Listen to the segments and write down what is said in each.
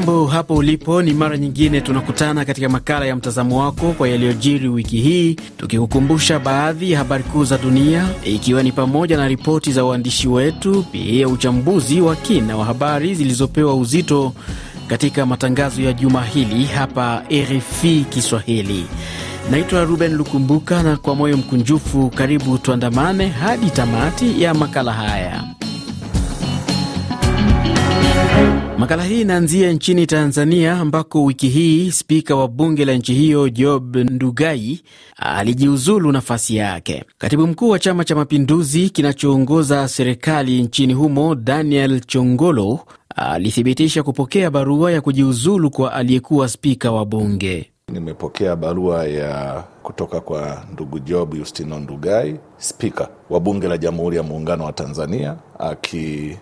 Hujambo hapo ulipo, ni mara nyingine tunakutana katika makala ya mtazamo wako kwa yaliyojiri wiki hii, tukikukumbusha baadhi ya habari kuu za dunia, ikiwa ni pamoja na ripoti za uandishi wetu, pia uchambuzi wa kina wa habari zilizopewa uzito katika matangazo ya juma hili hapa RFI Kiswahili. Naitwa Ruben Lukumbuka, na kwa moyo mkunjufu karibu tuandamane hadi tamati ya makala haya. Makala hii inaanzia nchini Tanzania ambako wiki hii spika wa bunge la nchi hiyo Job Ndugai alijiuzulu nafasi yake. Katibu mkuu wa Chama cha Mapinduzi kinachoongoza serikali nchini humo Daniel Chongolo alithibitisha kupokea barua ya kujiuzulu kwa aliyekuwa spika wa bunge. Nimepokea barua ya kutoka kwa ndugu Job Yustino Ndugai, spika wa bunge la Jamhuri ya Muungano wa Tanzania aki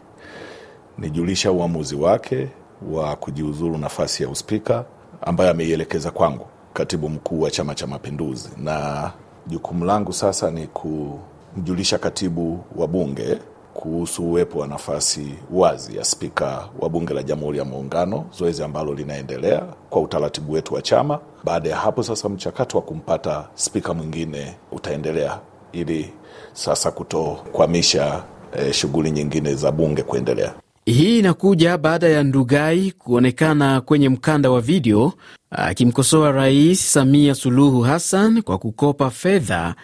nijulisha uamuzi wake wa kujiuzuru nafasi ya uspika ambayo ameielekeza kwangu, katibu mkuu wa Chama cha Mapinduzi, na jukumu langu sasa ni kumjulisha katibu wa bunge kuhusu uwepo wa nafasi wazi ya spika wa bunge la Jamhuri ya Muungano, zoezi ambalo linaendelea kwa utaratibu wetu wa chama. Baada ya hapo sasa, mchakato wa kumpata spika mwingine utaendelea ili sasa kutokwamisha eh, shughuli nyingine za bunge kuendelea. Hii inakuja baada ya Ndugai kuonekana kwenye mkanda wa video akimkosoa Rais Samia Suluhu Hassan kwa kukopa fedha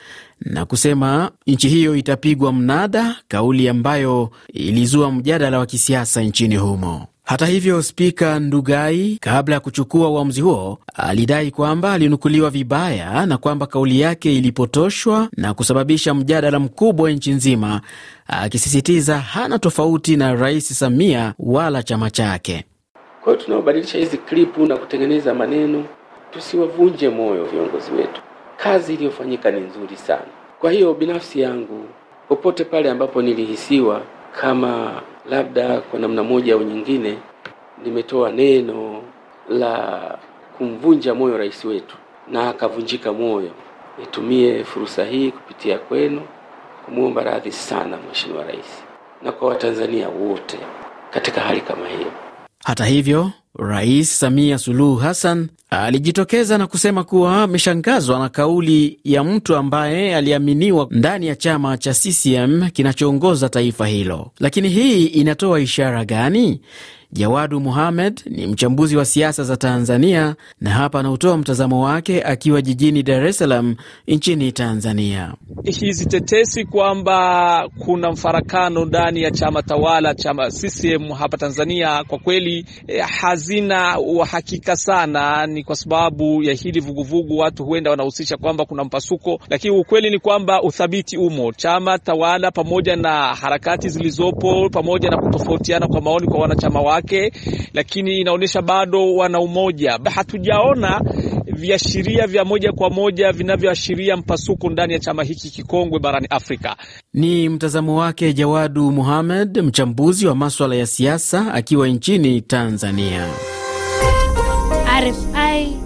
na kusema nchi hiyo itapigwa mnada, kauli ambayo ilizua mjadala wa kisiasa nchini humo. Hata hivyo, spika Ndugai, kabla ya kuchukua uamuzi huo, alidai kwamba alinukuliwa vibaya na kwamba kauli yake ilipotoshwa na kusababisha mjadala mkubwa nchi nzima, akisisitiza hana tofauti na Rais Samia wala chama chake. Kwa hiyo tunaobadilisha hizi klipu na kutengeneza maneno, tusiwavunje moyo viongozi wetu. Kazi iliyofanyika ni nzuri sana. Kwa hiyo binafsi yangu, popote pale ambapo nilihisiwa kama labda kwa namna moja au nyingine nimetoa neno la kumvunja moyo rais wetu na akavunjika moyo. Nitumie fursa hii kupitia kwenu kumwomba radhi sana Mheshimiwa Rais na kwa Watanzania wote katika hali kama hiyo. Hata hivyo, Rais Samia Suluhu Hassan alijitokeza na kusema kuwa ameshangazwa na kauli ya mtu ambaye aliaminiwa ndani ya chama cha CCM kinachoongoza taifa hilo. Lakini hii inatoa ishara gani? Jawadu Muhamed ni mchambuzi wa siasa za Tanzania na hapa anautoa mtazamo wake akiwa jijini Dar es Salaam nchini Tanzania. Hizi tetesi kwamba kuna mfarakano ndani ya chama tawala chama CCM hapa Tanzania kwa kweli eh, hazina uhakika sana. Ni kwa sababu ya hili vuguvugu, watu huenda wanahusisha kwamba kuna mpasuko, lakini ukweli ni kwamba uthabiti umo. Chama tawala pamoja na harakati zilizopo pamoja na kutofautiana kwa maoni kwa wanachama wake, lakini inaonyesha bado wana umoja. Hatujaona viashiria vya moja kwa moja vinavyoashiria mpasuko ndani ya chama hiki kikongwe barani Afrika. Ni mtazamo wake Jawadu Muhamed, mchambuzi wa maswala ya siasa akiwa nchini Tanzania.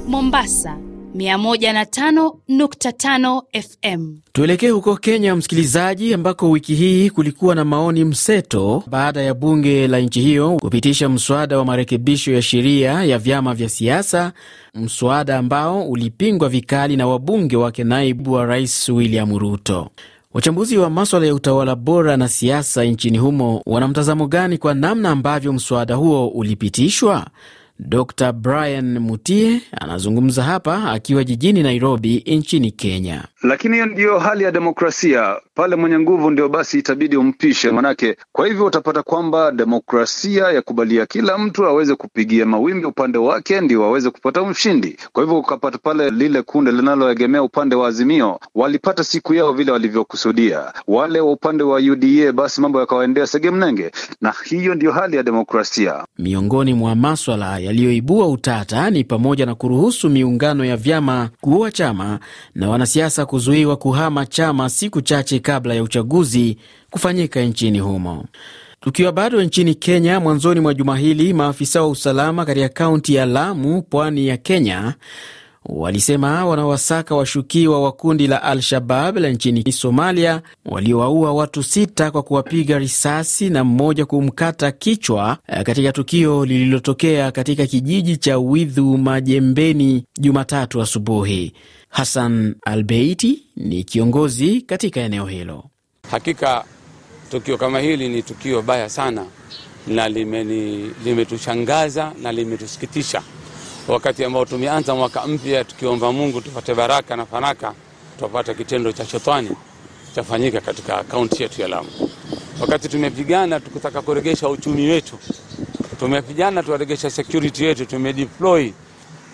Mombasa 105.5 FM. Tuelekee huko Kenya, msikilizaji, ambako wiki hii kulikuwa na maoni mseto baada ya bunge la nchi hiyo kupitisha mswada wa marekebisho ya sheria ya vyama vya siasa, mswada ambao ulipingwa vikali na wabunge wake naibu wa rais William Ruto. Wachambuzi wa maswala ya utawala bora na siasa nchini humo wana mtazamo gani kwa namna ambavyo mswada huo ulipitishwa? Dr Brian Mutie anazungumza hapa akiwa jijini Nairobi nchini Kenya. Lakini hiyo ndiyo hali ya demokrasia, pale mwenye nguvu ndio basi itabidi umpishe manake. Kwa hivyo utapata kwamba demokrasia ya kubalia kila mtu aweze kupigia mawimbi upande wake ndio aweze kupata mshindi. Kwa hivyo ukapata pale lile kunde linaloegemea upande wa Azimio walipata siku yao vile walivyokusudia, wale wa upande wa UDA basi mambo yakawaendea sege mnenge, na hiyo ndiyo hali ya demokrasia. Miongoni mwa maswala yaliyoibua utata ni pamoja na kuruhusu miungano ya vyama kuua chama na wanasiasa kuzuiwa kuhama chama siku chache kabla ya uchaguzi kufanyika nchini humo. Tukiwa bado nchini Kenya, mwanzoni mwa juma hili maafisa wa usalama katika kaunti ya Lamu, pwani ya Kenya, walisema wanawasaka washukiwa wa kundi la Al-Shabab la nchini Somalia waliowaua watu sita kwa kuwapiga risasi na mmoja kumkata kichwa eh, katika tukio lililotokea katika kijiji cha Widhu Majembeni Jumatatu asubuhi. Hassan Albeiti ni kiongozi katika eneo hilo. Hakika tukio kama hili ni tukio baya sana na limetushangaza lime na limetusikitisha, wakati ambao tumeanza mwaka mpya tukiomba Mungu tupate baraka na fanaka, tupate kitendo cha shetani chafanyika katika kaunti yetu ya Lamu, wakati tumepigana tukutaka kuregesha uchumi wetu, tumepigana tuaregesha security yetu, tumedeploy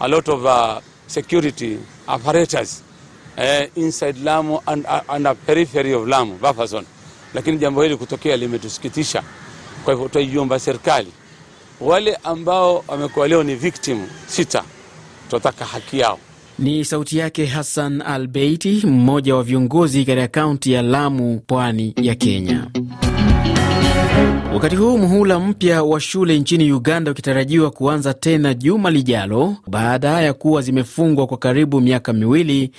a lot of uh, security apparatus eh, inside Lamu and, uh, and a periphery of Lamu buffer zone. Lakini jambo hili kutokea limetusikitisha. Kwa hivyo tutaiomba serikali, wale ambao wamekuwa leo ni victim sita, tunataka haki yao. Ni sauti yake Hassan Albeiti, mmoja wa viongozi katika kaunti ya Lamu, pwani ya Kenya. Wakati huu muhula mpya wa shule nchini Uganda ukitarajiwa kuanza tena juma lijalo baada ya kuwa zimefungwa kwa karibu miaka miwili,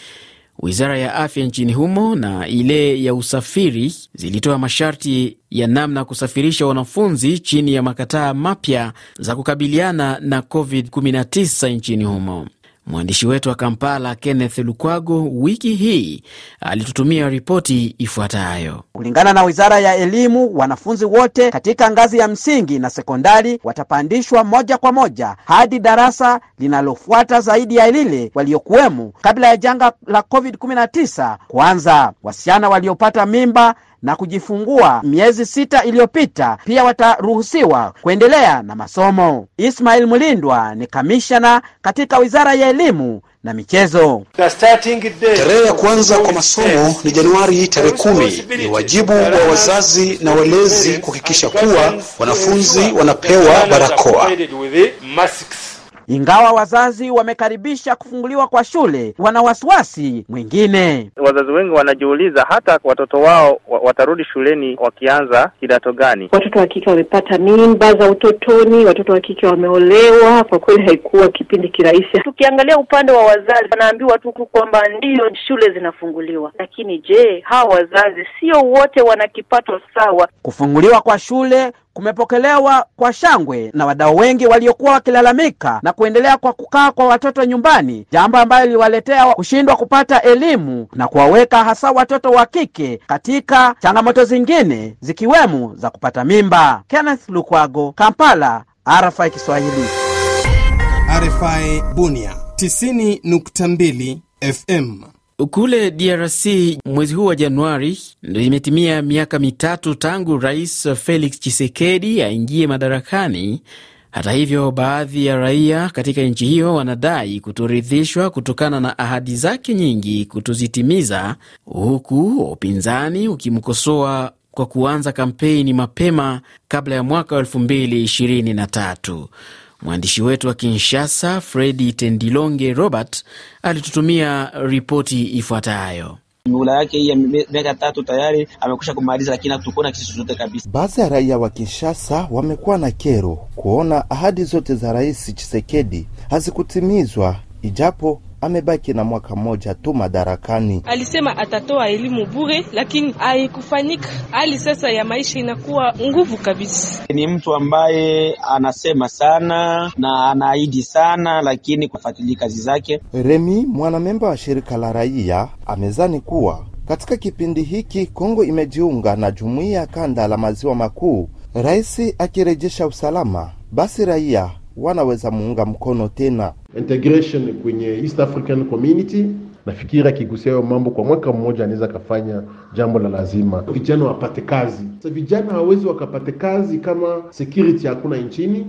wizara ya afya nchini humo na ile ya usafiri zilitoa masharti ya namna ya kusafirisha wanafunzi chini ya makataa mapya za kukabiliana na COVID-19 nchini humo. Mwandishi wetu wa Kampala, Kenneth Lukwago, wiki hii alitutumia ripoti ifuatayo. Kulingana na wizara ya elimu, wanafunzi wote katika ngazi ya msingi na sekondari watapandishwa moja kwa moja hadi darasa linalofuata zaidi ya lile waliokuwemo kabla ya janga la COVID-19 kuanza. Wasichana waliopata mimba na kujifungua miezi sita iliyopita pia wataruhusiwa kuendelea na masomo. Ismail Mulindwa ni kamishna katika Wizara ya Elimu na michezo. Tarehe ya kuanza kwa masomo ni Januari tarehe kumi. Ni wajibu wa wazazi na walezi kuhakikisha kuwa wanafunzi wanapewa barakoa. Ingawa wazazi wamekaribisha kufunguliwa kwa shule, wana wasiwasi mwingine. Wazazi wengi wanajiuliza hata watoto wao watarudi shuleni wakianza kidato gani. Watoto wa kike wamepata mimba za utotoni, watoto wa kike wameolewa. Kwa kweli haikuwa kipindi kirahisi. Tukiangalia upande wa wazazi, wanaambiwa tu kwamba ndiyo shule zinafunguliwa, lakini je, hawa wazazi sio wote wana kipato sawa? Kufunguliwa kwa shule kumepokelewa kwa shangwe na wadau wengi waliokuwa wakilalamika na kuendelea kwa kukaa kwa watoto nyumbani, jambo ambayo liliwaletea kushindwa kupata elimu na kuwaweka hasa watoto wa kike katika changamoto zingine zikiwemo za kupata mimba. Kenneth Lukwago, Kampala, RFI Kiswahili. RFI Bunia 92 FM. Kule DRC mwezi huu wa Januari limetimia miaka mitatu tangu Rais Felix Tshisekedi aingie madarakani. Hata hivyo, baadhi ya raia katika nchi hiyo wanadai kutoridhishwa kutokana na ahadi zake nyingi kutozitimiza, huku upinzani ukimkosoa kwa kuanza kampeni mapema kabla ya mwaka wa 2023. Mwandishi wetu wa Kinshasa, Fredi Tendilonge Robert, alitutumia ripoti ifuatayo. Mihula yake hii ya miaka tatu tayari amekwisha kumaliza, lakini hatukuona kitu chochote kabisa. Baadhi ya raia wa Kinshasa wamekuwa na kero kuona ahadi zote za Rais Chisekedi hazikutimizwa ijapo amebaki na mwaka mmoja tu madarakani. Alisema atatoa elimu bure, lakini haikufanyika. Hali sasa ya maisha inakuwa nguvu kabisa. Ni mtu ambaye anasema sana na anaahidi sana, lakini kufuatilia kazi zake. Remi, mwanamemba wa shirika la raia, amezani kuwa katika kipindi hiki Kongo imejiunga na jumuiya ya kanda la maziwa makuu, rais akirejesha usalama, basi raia wanaweza muunga mkono tena integration kwenye East African Community. Nafikiri akigusia hayo mambo kwa mwaka mmoja anaweza akafanya jambo la lazima, vijana wapate kazi. vijana hawawezi wakapate kazi kama security hakuna nchini.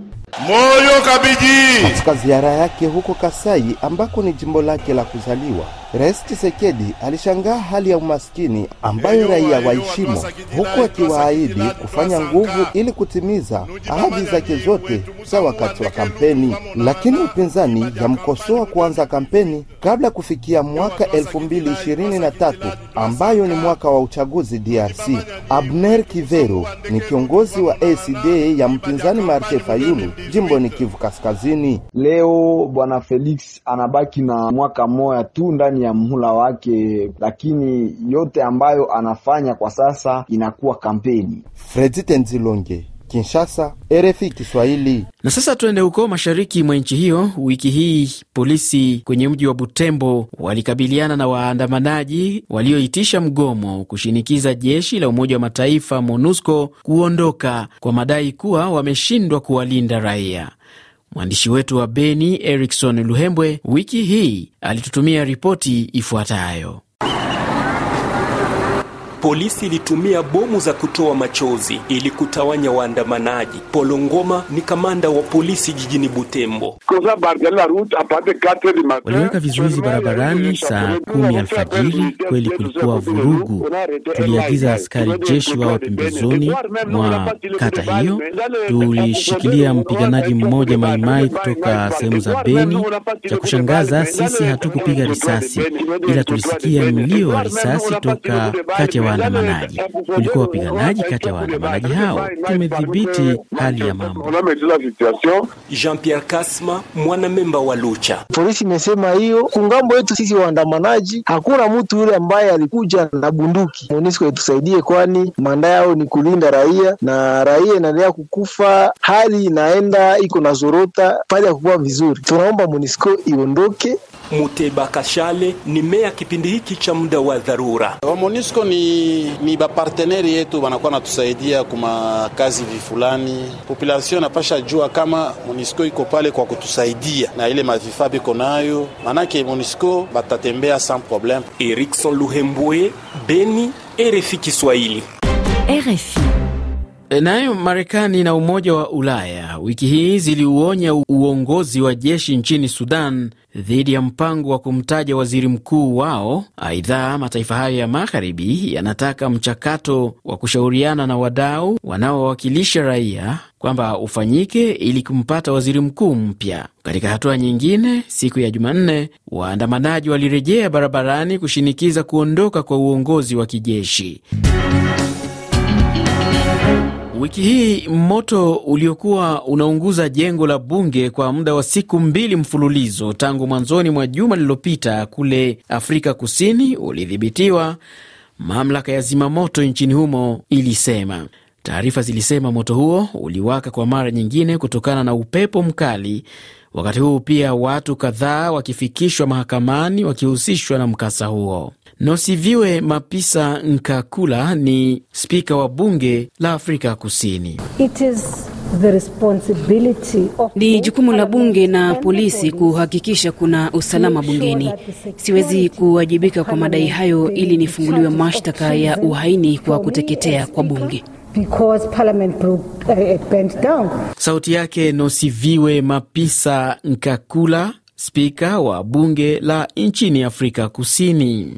Moyo Kabiji. Katika ziara yake huko Kasai ambako ni jimbo lake la kuzaliwa, Rais Tshisekedi alishangaa hali ya umaskini ambayo raia waishimo, huku akiwaahidi kufanya nguvu ili kutimiza ahadi zake zote za wakati wa kampeni. Lakini upinzani yamkosoa kuanza kampeni kabla kufikia mwaka 2023 ambayo ni mwaka wa uchaguzi DRC. Abner Kivero ni kiongozi wa ACD ya mpinzani marte Fayulu jimbo ni Kivu Kaskazini. Leo bwana Felix anabaki na mwaka moya tu ndani ya mhula wake, lakini yote ambayo anafanya kwa sasa inakuwa kampeni. Fredi Tenzilonge Kinshasa, RFI Kiswahili. Na sasa tuende huko mashariki mwa nchi hiyo. Wiki hii polisi kwenye mji wa Butembo walikabiliana na waandamanaji walioitisha mgomo kushinikiza jeshi la Umoja wa Mataifa MONUSCO kuondoka kwa madai kuwa wameshindwa kuwalinda raia. Mwandishi wetu wa Beni, Erikson Luhembwe, wiki hii alitutumia ripoti ifuatayo. Polisi ilitumia bomu za kutoa machozi ili kutawanya waandamanaji. Polo Ngoma ni kamanda wa polisi jijini Butembo. Waliweka vizuizi barabarani saa kumi alfajiri. Kweli kulikuwa vurugu. Tuliagiza askari jeshi wa pembezoni mwa kata hiyo. Tulishikilia mpiganaji mmoja Maimai kutoka sehemu za Beni. Cha kushangaza, sisi hatukupiga risasi, ila tulisikia mlio wa risasi toka kati ya waandamanaji. Kulikuwa wapiganaji kati ya waandamanaji hao. Tumedhibiti hali ya mambo. Jean Pierre Kasma, mwanamemba wa Lucha. Polisi imesema hiyo kungambo yetu sisi waandamanaji, hakuna mtu yule ambaye alikuja na bunduki. MONUSCO itusaidie, kwani manda yao ni kulinda raia na raia inaendelea kukufa, hali inaenda iko na zorota, pale ya kukuwa vizuri. Tunaomba MONUSCO iondoke. Muteba Kashale ni meya kipindi hiki cha muda wa dharura. Wa Monisco ni, ni baparteneri yetu wanakuwa natusaidia kuma kazi vifulani. Population napasha jua kama Monisco iko pale kwa kutusaidia na ile mavifaa biko nayo, manake Monisco batatembea sans probleme. Erikson Luhembwe, Beni, RFI Kiswahili. RFI Eh, nayo Marekani na Umoja wa Ulaya wiki hii ziliuonya uongozi wa jeshi nchini Sudan dhidi ya mpango wa kumtaja waziri mkuu wao. Aidha, mataifa hayo ya magharibi yanataka mchakato wa kushauriana na wadau wanaowakilisha raia kwamba ufanyike ili kumpata waziri mkuu mpya. Katika hatua nyingine, siku ya Jumanne, waandamanaji walirejea barabarani kushinikiza kuondoka kwa uongozi wa kijeshi. Wiki hii moto uliokuwa unaunguza jengo la bunge kwa muda wa siku mbili mfululizo tangu mwanzoni mwa juma lililopita kule Afrika Kusini ulidhibitiwa, mamlaka ya zimamoto nchini humo ilisema. Taarifa zilisema moto huo uliwaka kwa mara nyingine kutokana na upepo mkali wakati huu pia watu kadhaa wakifikishwa mahakamani wakihusishwa na mkasa huo. Nosiviwe Mapisa Nkakula ni spika wa bunge la Afrika Kusini. It is ni jukumu la bunge na polisi kuhakikisha kuna usalama bungeni. Siwezi kuwajibika kwa madai hayo ili nifunguliwe mashtaka ya uhaini kwa kuteketea kwa bunge because parliament broke, uh, bent down. Sauti yake Nosiviwe Mapisa Nkakula, spika wa bunge la nchini Afrika Kusini.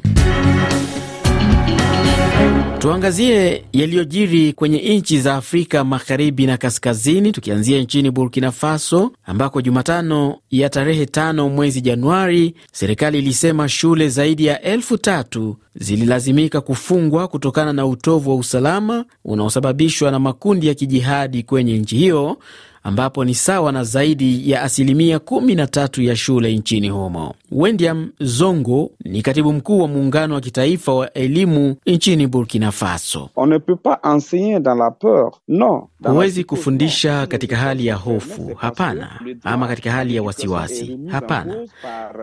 Tuangazie yaliyojiri kwenye nchi za Afrika magharibi na kaskazini, tukianzia nchini Burkina Faso ambako Jumatano ya tarehe tano mwezi Januari, serikali ilisema shule zaidi ya elfu tatu zililazimika kufungwa kutokana na utovu wa usalama unaosababishwa na makundi ya kijihadi kwenye nchi hiyo ambapo ni sawa na zaidi ya asilimia 13 ya shule nchini humo. Wendiam Zongo ni katibu mkuu wa muungano wa kitaifa wa elimu nchini Burkina Faso. On ne peut pas enseigner dans la peur. Non. Huwezi kufundisha katika hali ya hofu, hapana, ama katika hali ya wasiwasi, hapana.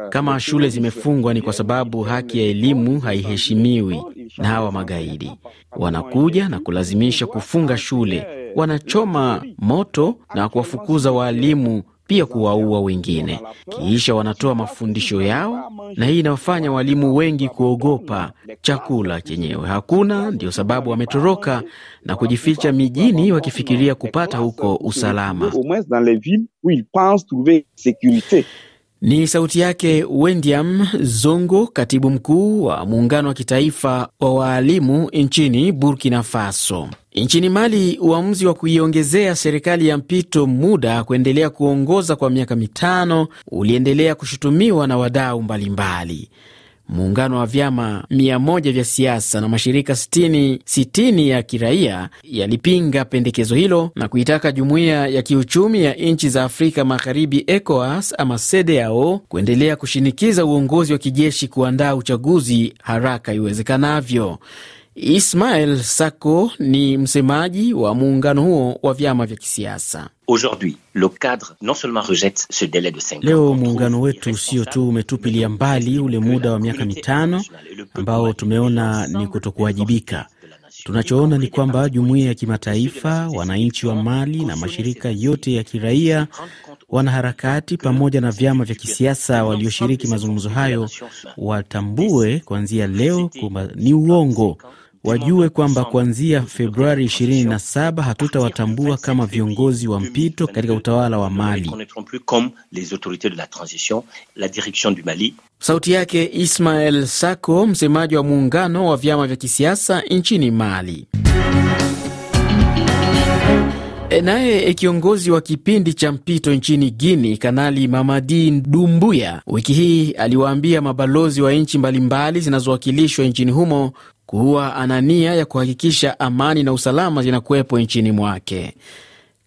Kama shule zimefungwa, ni kwa sababu haki ya elimu haiheshimiwi, na hawa magaidi wanakuja na kulazimisha kufunga shule, wanachoma moto na kuwafukuza waalimu pia kuwaua wengine, kisha wanatoa mafundisho yao, na hii inawafanya walimu wengi kuogopa chakula chenyewe. Hakuna, ndio sababu wametoroka na kujificha mijini, wakifikiria kupata huko usalama. Ni sauti yake Wendiam Zongo, katibu mkuu wa muungano wa kitaifa wa waalimu nchini Burkina Faso. Nchini Mali, uamuzi wa kuiongezea serikali ya mpito muda kuendelea kuongoza kwa miaka mitano uliendelea kushutumiwa na wadau mbalimbali. Muungano wa vyama 1 vya siasa na mashirika 60, 60 ya kiraia yalipinga pendekezo hilo na kuitaka jumuiya ya kiuchumi ya nchi za Afrika Magharibi, ECOWAS ama CEDEAO, kuendelea kushinikiza uongozi wa kijeshi kuandaa uchaguzi haraka iwezekanavyo. Ismael Sako ni msemaji wa muungano huo wa vyama vya kisiasa. Leo muungano wetu sio tu umetupilia mbali ule muda wa miaka mitano ambao tumeona ni kutokuwajibika. Tunachoona ni kwamba jumuiya ya kimataifa, wananchi wa Mali na mashirika yote ya kiraia, wanaharakati pamoja na vyama vya kisiasa walioshiriki mazungumzo hayo watambue kuanzia leo kwamba ni uongo wajue kwamba kuanzia Februari 27 hatutawatambua kama viongozi wa mpito katika utawala wa Mali. Sauti yake Ismael Sako, msemaji wa muungano wa vyama vya kisiasa nchini Mali. E, naye e, kiongozi wa kipindi cha mpito nchini Guini, Kanali Mamadi Dumbuya, wiki hii aliwaambia mabalozi wa nchi mbalimbali zinazowakilishwa nchini humo kuwa ana nia ya kuhakikisha amani na usalama zinakuwepo nchini mwake.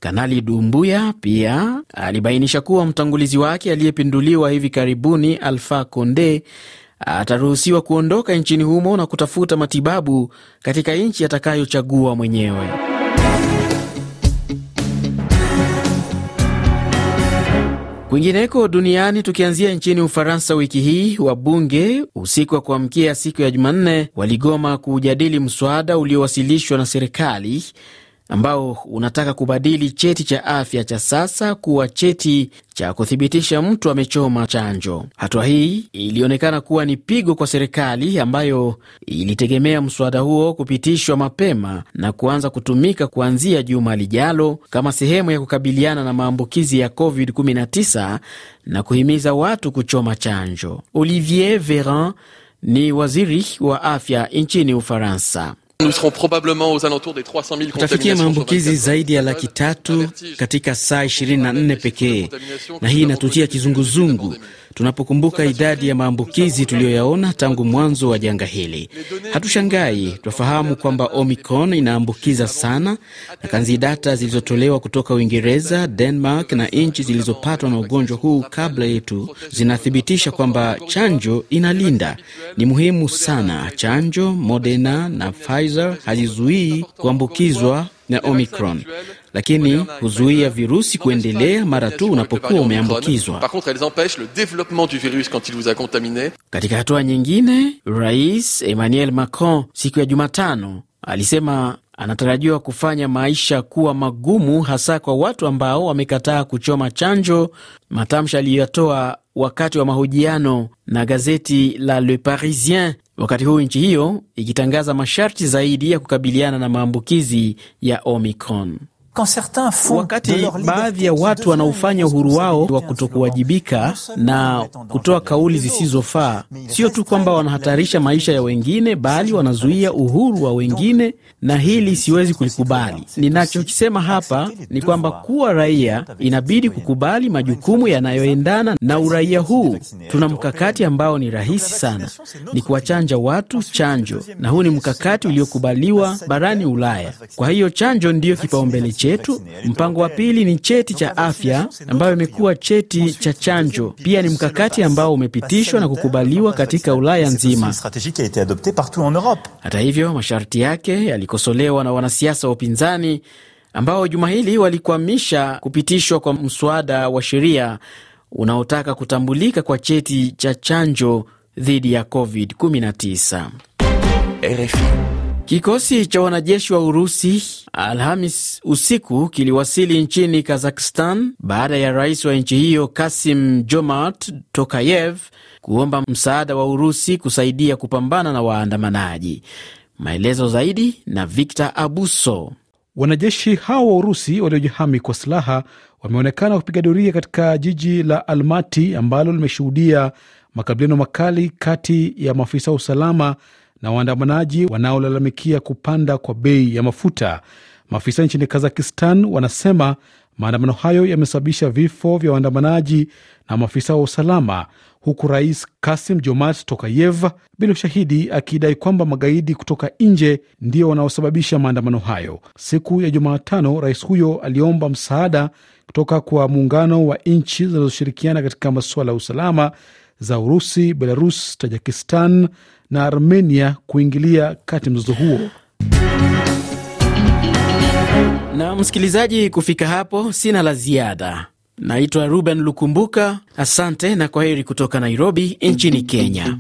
Kanali Dumbuya pia alibainisha kuwa mtangulizi wake aliyepinduliwa hivi karibuni alfa Conde ataruhusiwa kuondoka nchini humo na kutafuta matibabu katika nchi atakayochagua mwenyewe. Kwingineko duniani, tukianzia nchini Ufaransa, wiki hii wabunge usiku wa kuamkia siku ya Jumanne waligoma kuujadili mswada uliowasilishwa na serikali ambao unataka kubadili cheti cha afya cha sasa kuwa cheti cha kuthibitisha mtu amechoma chanjo. Hatua hii ilionekana kuwa ni pigo kwa serikali ambayo ilitegemea mswada huo kupitishwa mapema na kuanza kutumika kuanzia juma lijalo kama sehemu ya kukabiliana na maambukizi ya COVID-19 na kuhimiza watu kuchoma chanjo. Olivier Veran ni waziri wa afya nchini Ufaransa. Nous serons probablement aux alentours des 300 000 tutafikia maambukizi zaidi ya laki tatu katika saa 24 pekee, na hii inatutia kizunguzungu tunapokumbuka idadi ya maambukizi tuliyoyaona tangu mwanzo wa janga hili. Hatushangai, twafahamu kwamba Omicron inaambukiza sana, na kanzi data zilizotolewa kutoka Uingereza, Denmark na nchi zilizopatwa na ugonjwa huu kabla yetu zinathibitisha kwamba chanjo inalinda. Ni muhimu sana chanjo. Moderna na Pfizer hazizuii kuambukizwa na Omicron lakini huzuia virusi kuendelea mara tu unapokuwa umeambukizwa. Katika hatua nyingine, Rais Emmanuel Macron siku ya Jumatano alisema anatarajiwa kufanya maisha kuwa magumu hasa kwa watu ambao wamekataa kuchoma chanjo, matamshi aliyoyatoa wakati wa mahojiano na gazeti la Le Parisien, wakati huu nchi hiyo ikitangaza masharti zaidi ya kukabiliana na maambukizi ya Omicron. Wakati baadhi ya watu wanaofanya uhuru wao wa kutokuwajibika na kutoa kauli zisizofaa, sio tu kwamba wanahatarisha maisha ya wengine, bali wanazuia uhuru wa wengine, na hili siwezi kulikubali. Ninachokisema hapa ni kwamba kuwa raia inabidi kukubali majukumu yanayoendana na uraia huu. Tuna mkakati ambao ni rahisi sana, ni kuwachanja watu chanjo, na huu ni mkakati uliokubaliwa barani Ulaya. Kwa hiyo chanjo ndiyo kipaumbele chetu chetu. Mpango wa pili ni cheti cha afya ambayo imekuwa cheti cha chanjo, pia ni mkakati ambao umepitishwa na kukubaliwa katika Ulaya nzima. Hata hivyo, masharti yake yalikosolewa na wanasiasa wa upinzani ambao juma hili walikwamisha kupitishwa kwa mswada wa sheria unaotaka kutambulika kwa cheti cha chanjo dhidi ya COVID-19. RFI. Kikosi cha wanajeshi wa Urusi Alhamis usiku kiliwasili nchini Kazakhstan baada ya rais wa nchi hiyo Kasim Jomart Tokayev kuomba msaada wa Urusi kusaidia kupambana na waandamanaji. Maelezo zaidi na Victor Abuso. Wanajeshi hao wa Urusi waliojihami kwa silaha wameonekana kupiga doria katika jiji la Almati ambalo limeshuhudia makabiliano makali kati ya maafisa wa usalama na waandamanaji wanaolalamikia kupanda kwa bei ya mafuta. Maafisa nchini Kazakistan wanasema maandamano hayo yamesababisha vifo vya waandamanaji na maafisa wa usalama, huku rais Kasim Jomart Tokayev bila ushahidi akidai kwamba magaidi kutoka nje ndio wanaosababisha maandamano hayo. Siku ya Jumatano, rais huyo aliomba msaada kutoka kwa muungano wa nchi zinazoshirikiana katika masuala ya usalama za Urusi, Belarus, Tajikistan na Armenia kuingilia kati mzozo huo. Na msikilizaji, kufika hapo sina la ziada. Naitwa Ruben Lukumbuka, asante na kwa heri kutoka Nairobi nchini Kenya.